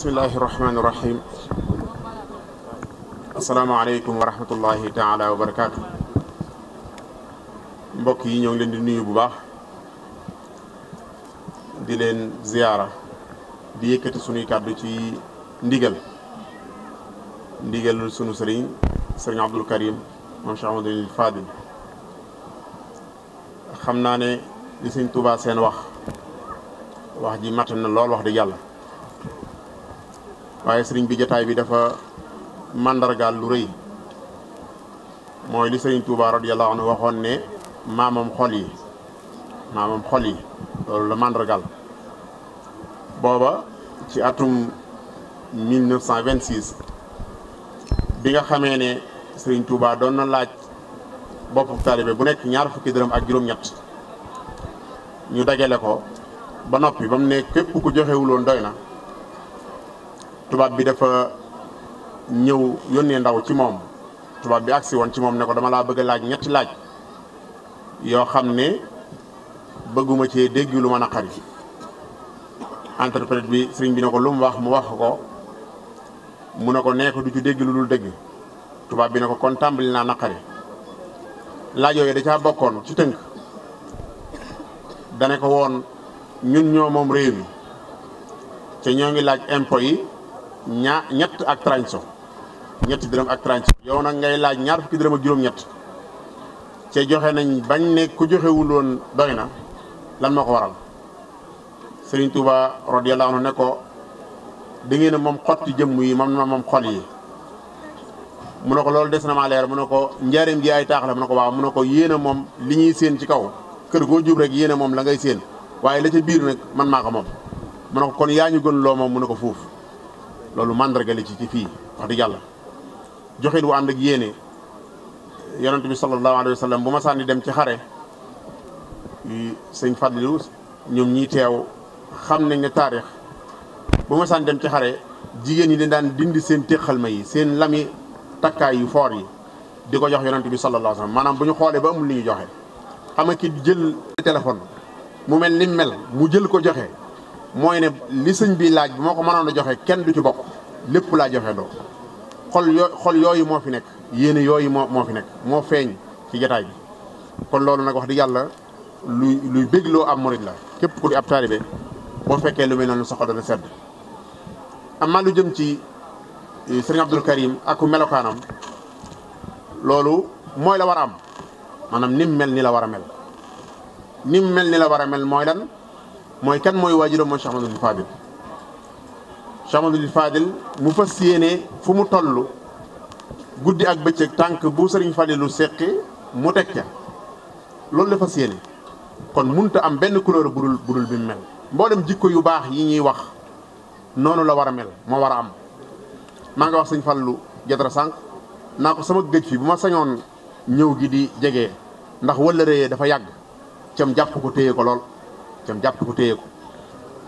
bismillahi rahmaani rahim asalaamaaleykum wa rahmatullahi taala wa mbokk yi ñoo ngi leen di nuyu bu baax di leen ziyaara di yëkkati sunuy kàddu ci ndigal ndigalul sunu sëriñ sëriñ Abdul Karim moom Cheikh Amadou Fadil xam naa ne li sëñ Tuubaa seen wax wax ji mat na lool wax di yàlla waaye sëriñ bi jataay bi dafa màndargaal lu rëy mooy li sëriñ Touba radiyallahu anhu waxoon ne maamam xol yi maamam xol yi loolu la màndargaal booba ci atum 1926 bi nga xamee ne sëriñ Touba doon na laaj boppu taalibe bu nekk ñaar fukki dërëm ak juróom-ñett ñu dajale ko ba noppi ba mu ne képp ku joxewuloon doy na tubaab bi dafa ñëw yónnee ndaw ci moom tubaab bi agsi woon ci moom ne ko dama laa bëgg laaj ñetti laaj yoo xam ne bëgguma ci dégg lu ma naqari entreprise bi sëriñ bi ne ko lu mu wax mu wax ko mu ne ko nee ko du ci dégg lu dul dégg tubaab bi ne ko kon tàmbali naa naqari laaj yooyu da caa bokkoon ci tënk dane ko woon ñun ñoo moom réew mi te ñoo ngi laaj impôt yi ñaa ñett ak trente so ñetti dërëm ak trente so yow nag ngay laaj ñaar fukki dërëm ak juróom-ñett ca joxe nañ bañ ne ku joxewul woon doy na lan moo ko waral Sëriñ Tuuba radiyallaahu anhu ne ko da ngeen moom xotti jëmm yi moom na moom xol yi mu ne ko loolu des na maa leer mu ne ko njaareem gi ay taaxale mu ne ko waaw mu ne ko yéen a moom li ñuy séen ci kaw kër goo jub rek yéen a moom la ngay séen waaye la ca biir nag man maa ko moom mu ne ko kon yaa ñu gën moom mu ne ko fuuf loolu màndargale ci ci fii wax dëgg yàlla joxit wu ànd ak yéene yonent bi sallallahu alayhi wa sallam bu ma sànni dem ci xare sëñ Fadlu ñoom ñii teew xam nañ ne taarix bu ma sànni dem ci xare jigéen ñi dañ daan dindi seen téqalma yi seen lami takkaay yu foor yi di ko jox yonent bi sallallahu alayhi maanaam bu ñu xoolee ba amul li ñu joxe ama ki jël téléphone mu mel ni mel mu jël ko joxe mooy ne li sëñ bi laaj bi moo ko mënoon a joxe kenn du ci bokk lépp laa joxe doo xol yo xol yooyu moo fi nekk yéene yooyu moo moo fi nekk moo feeñ ci jataay bi kon loolu nag wax di yàlla luy luy bégloo ab murit la képp ku di ab taalibe boo fekkee lu mel noonu soxla dana sedd amaa lu jëm ci eh, sëriñ Abdul Karim ak melokaanam loolu mooy la war a am maanaam nim mel ni la war a mel nim mel ni la war a mel mooy lan mooy kan mooy waajuram mooy Cheikh Ahmadou Fadil Cheikh Mamadou Fadil mu fas yéene fu mu tollu guddi ak bëccëg tànk bu sëriñ Fadilu seqi mu teg ca loolu la fas yéene kon munta am benn couleur budul budul bi mu mel mboolem jikko yu baax yi ñuy wax noonu la war a mel moo war a am maa ngi wax sëñ Fallu Jatra sànq naa ko sama géj fi bu ma sañoon ñëw gi di jege ndax wëllëree dafa yàgg cam jàpp ko téye ko lool cam jàpp ko téye ko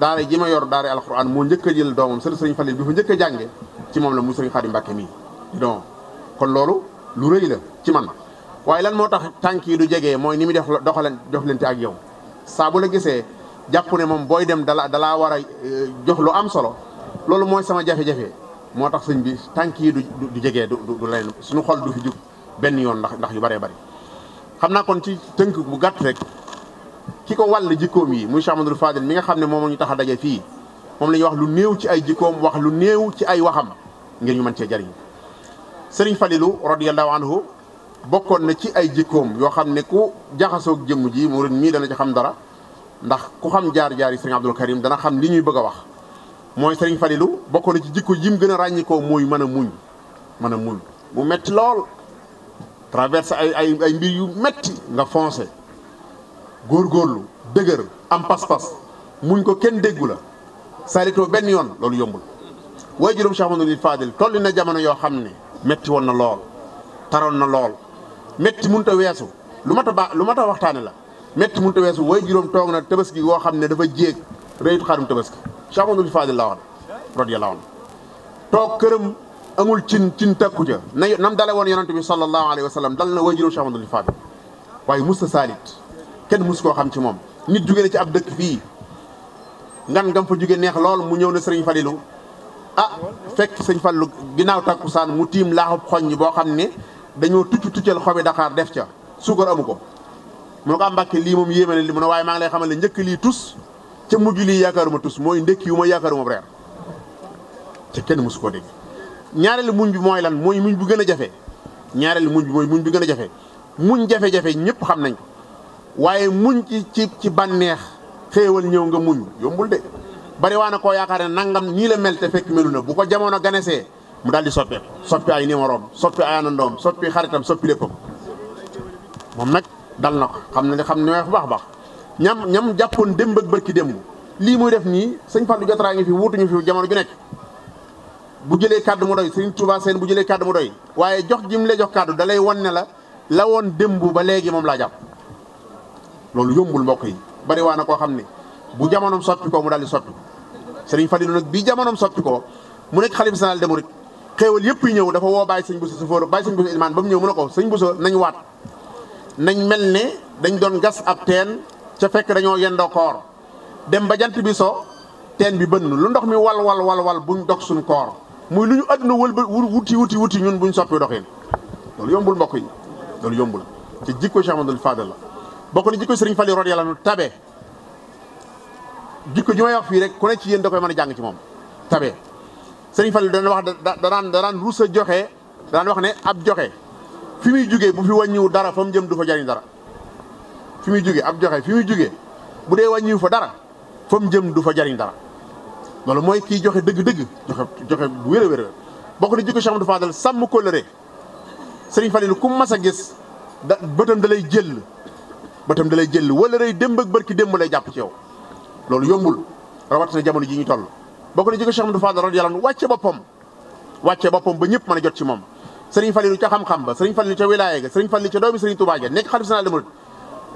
daale ji ma yor daara alxuraan moo njëkk a jël doomam sër sëriñ Falil bi fa njëkk a jànge ci moom la mu sëriñ Xaadim Mbàkke mii donc kon loolu lu rëy la ci man waaye lan moo tax tànk yi du jegee mooy ni muy def doxaleen doxalante ak yow saa bu la gisee jàpp ne moom booy dem dala dalaa war a euh, jox lu am solo loolu mooy sama jafe-jafe moo tax sëñ bi tànk yi du du jegee du du suñu xol du fi benn yoon ndax ndax yu bëree bari xam naa kon ci tënk bu gàtt rek ki ko wàll jikkoom yi muy Cheikh Amadou Fadil mi nga xam ne moom ñu tax a daje fii moom la ñuy wax lu néew ci ay jikkoom wax lu néew ci ay waxam ngir ñu mën cee jariñ sëriñ Falilu radiyallahu anhu bokkoon na ci ay jikkoom yoo xam ne ku jaxasoog jëmm ji murid mii dana ci xam dara ndax ku xam jaar-jaar yi sëriñ Abdul Karim dana xam li ñuy bëgg a wax mooy sëriñ Falilu bokkoon na ci jikko yim gën a ràññikoo mooy mën a muñ mën a muñ mu metti lool traverse ay ay ay mbir yu metti nga foncé góorgóorlu dëgër am pas-pas muñ ko kenn déggu la saritoo benn yoon loolu yombul waaye juróom Cheikh Mamadou Fadil tolli na jamono yoo xam ne métti woon na lool taroon na lool métti mënut a weesu lu mat a ba lu mat a waxtaane la metti mënut a weesu waaye juróom toog na tabaski woo xam ne dafa jéeg réytu xarum tabaski Cheikh Mamadou Fadil la woon radiyallahu anhu toog këram amul cin cin takku ca na nam dale woon yonante bi sallallahu alayhi wa sallam dal na waaye juróom Cheikh Mamadou Fadil waaye musta saalit kenn mus koo xam ci moom nit jóge na ci ab dëkk fii ngan ngam fa jóge neex lool mu ñëw ne sëriñ Falilu ah fekk sëñ Fallu ginnaaw takkusaan mu tiim laaxub xoñ boo xam ne dañoo tucc tuccal xobi Dakar def ca suukar amu ko mu ne ko am ah, mbàkke lii moom yéeme na li mun ne waaye maa lay xamal ne njëkk lii tus ca mujj lii yaakaaruma tus mooy ndékki yu ma yaakaaruma reer te kenn mosu koo dégg ñaareelu muñ bi mooy lan mooy muñ bu gën a jafe ñaareelu muñ bi mooy muñ bi gën a jafe muñ jafe ñëpp xam nañ waaye muñ ci ci ci bànneex xéewal ñëw nga muñ yombul de bari waa na ko yaakaar ne nangam ñii la mel fekk melu na bu ko jamono ganesee mu daal di soppeeku soppi ay numéroom soppi ay anandoom soppi xaritam soppi léppam moom nag dal na ko xam ne xam ne wax baax baax ñam ñam jàppoon démb ak bërki démb lii muy def nii sëñ Fallou Diatra ngi fi wutuñu fi jamono ju nekk bu jëlee kàddu mu doy sëñ Touba Seen bu jëlee kàddu mu doy waaye jox jim lay jox kàddu da won ne la la woon démb ba léegi moom laa jàpp loolu yombul mbokk yi bari waa na koo xam ne bu jamonoom sotti ko mu daal di sotti ko fa Fallilou nag bi jamonoom sotti ko mu nekk xalifa général des rek xéewal yëpp yi ñëw dafa woo Baye Sëñ Bousso Sufóor Baye Sëñ Bousso Ilmaan ba mu ñëw mu ne ko Sëñ Bousso nañ waat nañ mel ne dañ doon gas ab teen ca fekk dañoo yendoo koor dem ba jant bi so teen bi bënn lu ndox mi wal wal wal wal buñ dog suñ koor muy lu ñu àdduna wël ba wuti wuti wuti ñun buñ soppi doxin loolu yombul mbokk yi loolu yombul ci jikko Cheikh Amadou Fadel la bokk na jikko sëriñ Fallou rod yàlla nu tabe jikko ji may wax fii rek ku ne ci yéen da koy mën a jàng ci moom tabe sëriñ Fallou dana wax da daan da a joxe daan wax ne ab joxe fi muy jugee bu fi dara fa mu jëm du fa jariñ dara fi muy jugee ab joxe fi muy jugee bu dee wàññiwu fa dara fa mu jëm du fa jariñ dara loolu mooy kii joxe dëgg-dëgg joxe joxe bu wér a wér bokk na jikko Cheikh Amadou Fadal sàmm kóllëre sëriñ Fallou ku mas a gis da da lay jël ba tam dalay jël wala rey démb ak barki démb lay jàpp ci yow loolu yombul rawatina jamono ji ñu toll bokk na ci ko Cheikh Amadou Fadal radiyallahu anhu wàcce boppam wàcce boppam ba ñëpp a jot ci moom sëriñ Falilu ca xam-xam ba sëriñ Falilu ca wilaya ga sëriñ Falilu ca doomi sëriñ Touba ja nekk xalif général des mourides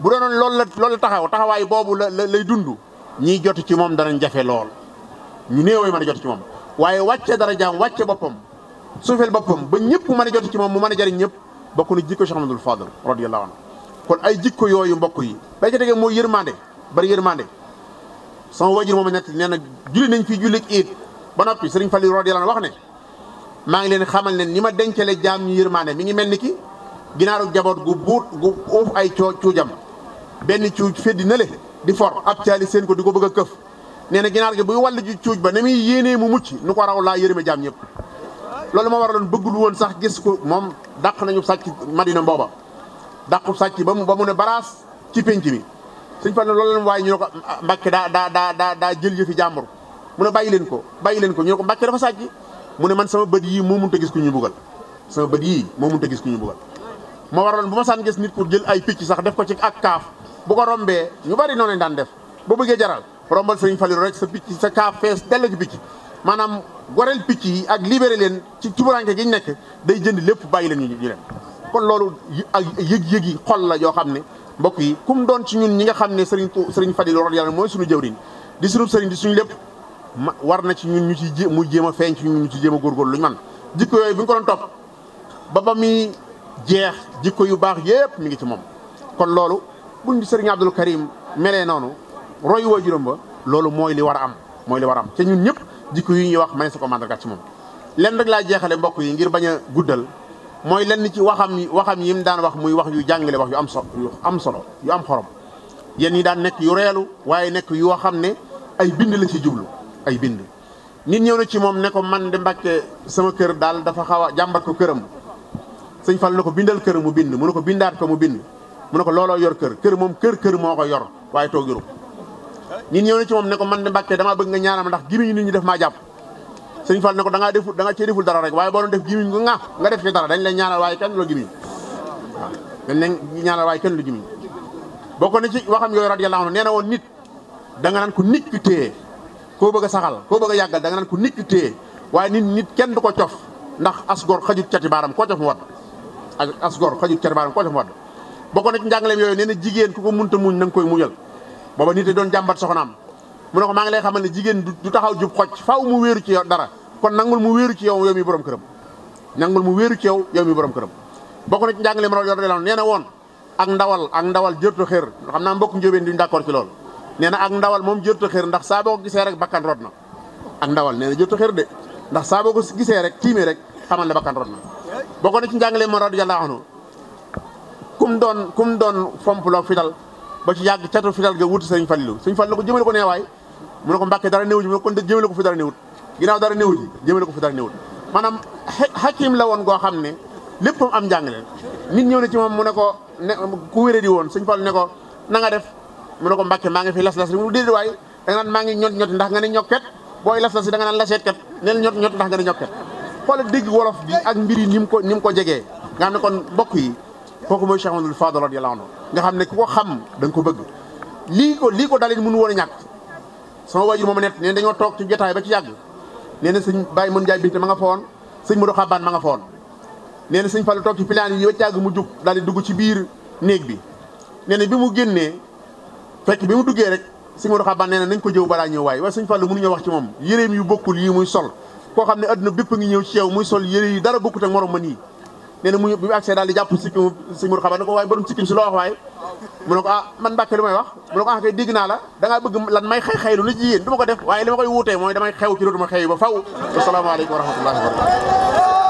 bu doonoon loolu la loolu lay dund ñiy ci moom danañ jafe lool ñu néewee mën a jot ci moom waaye wàcce dara jaam wàcce boppam suufeel boppam ba ñëpp mën a jot ci moom mu mën a jariñ ñëpp bokk na jikko Cheikh Amadou kon ay jikko yooyu mbokk yi bay ca tege mooy yërmande bari yërmande sama wajur moom nett nee na julli nañ fi julli iid ba noppi sëriñ Fali radiyallahu wax ne maa ngi leen xamal ne ni ma dencale jaam ñu yërmande mi ngi mel ni ki ginaaru jaboot gu buut gu uuf ay coo cuujam benn cuuj feddi na di for ab caali seen ko di ko bëgg a këf nee na ginaar gi buy wàll ji cuuj ba ne muy yéenee mu mucc nu ko raw laa yërëme jaam ñëpp loolu moo waraloon bëggul woon sax gis ko moom dàq nañu sàcc Madina mbooba dàqu sàcc ba mu ba mu ne baraas ci pénc bi suñ fa ne loolu leen waaye ñu ne ko ah, Mbàkke daa daa daa daa jël yëfi jàmbur mu ne bàyyi leen ko bàyyi leen ko ñu ne ko Mbàkke dafa sàcc mu ne man sama bët yii moo mënut a gis ku ñu bugal sama bët yii moo mun a gis ku ñu bugal moo waraloon bu ma saan gis nit pour jël ay picc sax def ko ci ak kaaf bu ko rombee ñu bari noonu lañ daan def boo bëggee jaral rombal sëriñ Falilu rek sa picc sa kaaf fees dell ci picc maanaam picc yi ak libéré leen ci tubaranke gi ñu nekk day jënd lépp bàyyi leen ñu ñu leen kon loolu ak yëg-yëg yi xol la joo xam ne mbokk yi kum doon ci ñun ñi nga xam ne sëriñ sëriñ Fadil radiyallahu anhu mooy suñu jëwriñ di suñu sëriñ di suñu lépp war na ci ñun ñu ci mu jéem a feeñ ci ñun ci jéem góorgóorlu luñu man jikko yooyu bi ñu ko doon topp ba ba muy jeex jikko yu baax yépp mi ngi ci moom kon loolu buñ di sëriñ Abdul Karim melee noonu roy waajuram ba loolu mooy li war a am mooy li war am te ñun ñëpp jikko yi ñuy wax ma ne sa ko ci moom lenn rek laa jeexale mbokk yi ngir bañ a guddal mooy lenn ci waxam yi waxam yi mu daan wax muy wax yu jàngale wax yu am so yu am solo yu am xorom yéen ñi daan nekk yu reelu waaye nekk yoo xam ne ay bind la ci jublu ay bind. nit ñëw na ci moom ne ko man de Mbàkke sama kër daal dafa xaw a jàmbat ko këram sëñ Fall na ko bindal kër mu bind mu ne ko bindaat ko mu bind mu ne ko looloo yor kër kër moom kër kër moo ko yor waaye toog yorub nit ñëw na ci moom ne ko man de Mbàkke damaa bëgg nga ñaanam ndax gimiñu nit def maa jàpp. sëñ Fall ne ko danga ngaa deful da dara rek waaye boo doon def gimiñ nga nga def ci dara dañ lay ñaanal waaye kenn lu gimiñ waaw dañ lay ñaanal waaye kenn lu gimiñ bokk na ci waxam yooyu radiyallahu anhu nee na woon nit da nga naan ko nit téye koo bëgg a saxal koo bëgg a yàggal da nga naan ko nit téye waaye nit nit kenn du ko cof ndax as gor xajut cati baaram koo cof mu wadd as gor xajut cati baaram koo cof mu wadd bokk na ci njàngaleem yooyu nee na jigéen ku ko munta muñ na nga koy muñal booba nit doon jàmbat soxnaam mu ne ko maa ngi lay xamal ne jigéen du taxaw jub xoj faw mu wéeru ci yow dara kon nangul mu wéeru ci yow yow mi borom këram nangul mu wéeru ci yow yow mi borom këram bokk na ci njàngale ma yor delan nee na woon ak ndawal ak ndawal jërtu xër xam naa mbokk njóobeen duñ d'accord ci loolu nee na ak ndawal moom jërtu xër ndax saa boo ko gisee rek bakkan na ak ndawal nee na jërtu xër ndax saa boo ko gisee rek tiimee rek xamal ne bakkan rot na bokk na ci njàngale ma radiyallahu anhu kum doon kum doon fomp loo fidal ba ci yàgg catu fidal ga wuti sëñ Fallilu sëñ Fallilu ko jëmale ko neewaay mu ne ko mbàkke dara néew ji mu ne kon de jëmale ko fi dara néewut ginnaaw dara néew ji jëmale ko fi dara néewut maanaam xakim la woon goo xam ne léppam am njàngale nit ñëw ne ci moom mu ne ko ne ku wéré di woon sëñ Fall ne ko na nga def mu ne ko mbàkke maa ngi fi las las li mu déedéet waay da nga maa ngi ñot ñoti ndax nga ne ñokket booy las las da nga naan laseet kat neel ñot ñot ndax nga ne ñokket xoola dégg wolof bi ak mbir yi ni mu ko ni mu ko jegee nga xam ne kon bokk yi kooku mooy Cheikh Amadou Fadal radiyallahu anhu nga xam ne ku ko xam da ko bëgg lii ko lii ko daleen mënu woon a ñàkk sama waajur moom net neen dañoo toog ci jotaay ba ci yàgg nee na sëñ Baye mën jaay binte ma nga foon sëñ Modou Xabaan ma nga foon nee na sëñ Fallu toog ci pilaan yi ba ci yàgg mu jub daal di dugg ci biir néeg bi nee na bi mu génnee fekk bi mu duggee rek sëñ Modou Xabaan nee na nañ ko jëw balaa ñëw waaye waaye sëñ Fallu mënuñoo wax ci moom yëreem yu bokkul yi muy sol koo xam ne àdduna bépp ngi ñëw ci muy sol yëre yi dara bokkut ak morom ma nii nee na mu bi mu accès daal di jàpp sikkim si mur xabar ne ko waaye borom sikkim si loo wax waaye mu ne ko ah man Mbàkke lu may wax mu ne ko ah kay dégg naa la da ngaa bëgg lan may xëy xëylu lu jigéen du ko def waaye li ma koy wuutee mooy damay xew ci dootuma xew ba faw asalaamaaleykum wa rahmatullahi wa barakatu